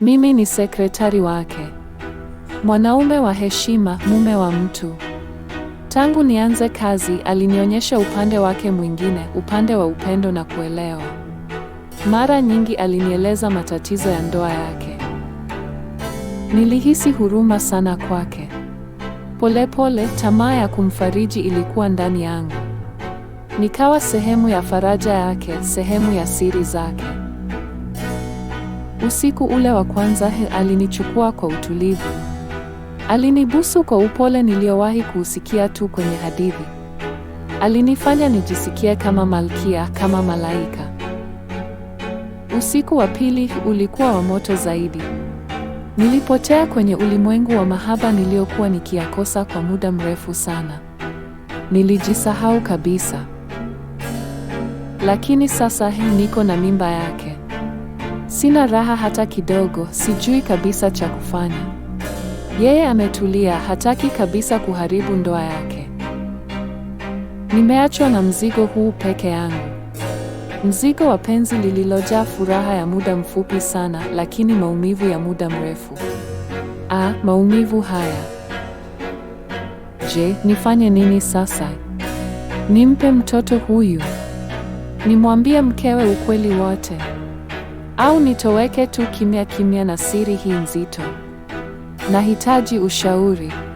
Mimi ni sekretari wake, mwanaume wa heshima, mume wa mtu. Tangu nianze kazi, alinionyesha upande wake mwingine, upande wa upendo na kuelewa. Mara nyingi alinieleza matatizo ya ndoa yake. Nilihisi huruma sana kwake. Polepole tamaa ya kumfariji ilikuwa ndani yangu. Nikawa sehemu ya faraja yake, sehemu ya siri zake. Usiku ule wa kwanza He alinichukua kwa utulivu. Alinibusu kwa upole niliyowahi kuusikia tu kwenye hadithi. Alinifanya nijisikie kama malkia, kama malaika. Usiku wa pili ulikuwa wa moto zaidi. Nilipotea kwenye ulimwengu wa mahaba niliyokuwa nikiyakosa kwa muda mrefu sana. Nilijisahau kabisa. Lakini sasa hii niko na mimba yake. Sina raha hata kidogo, sijui kabisa cha kufanya. Yeye ametulia, hataki kabisa kuharibu ndoa yake. Nimeachwa na mzigo huu peke yangu, mzigo wa penzi lililojaa furaha ya muda mfupi sana, lakini maumivu ya muda mrefu. Ah, maumivu haya! Je, nifanye nini sasa? Nimpe mtoto huyu? Nimwambie mkewe ukweli wote? au nitoweke tu kimya kimya na siri hii nzito? Nahitaji ushauri.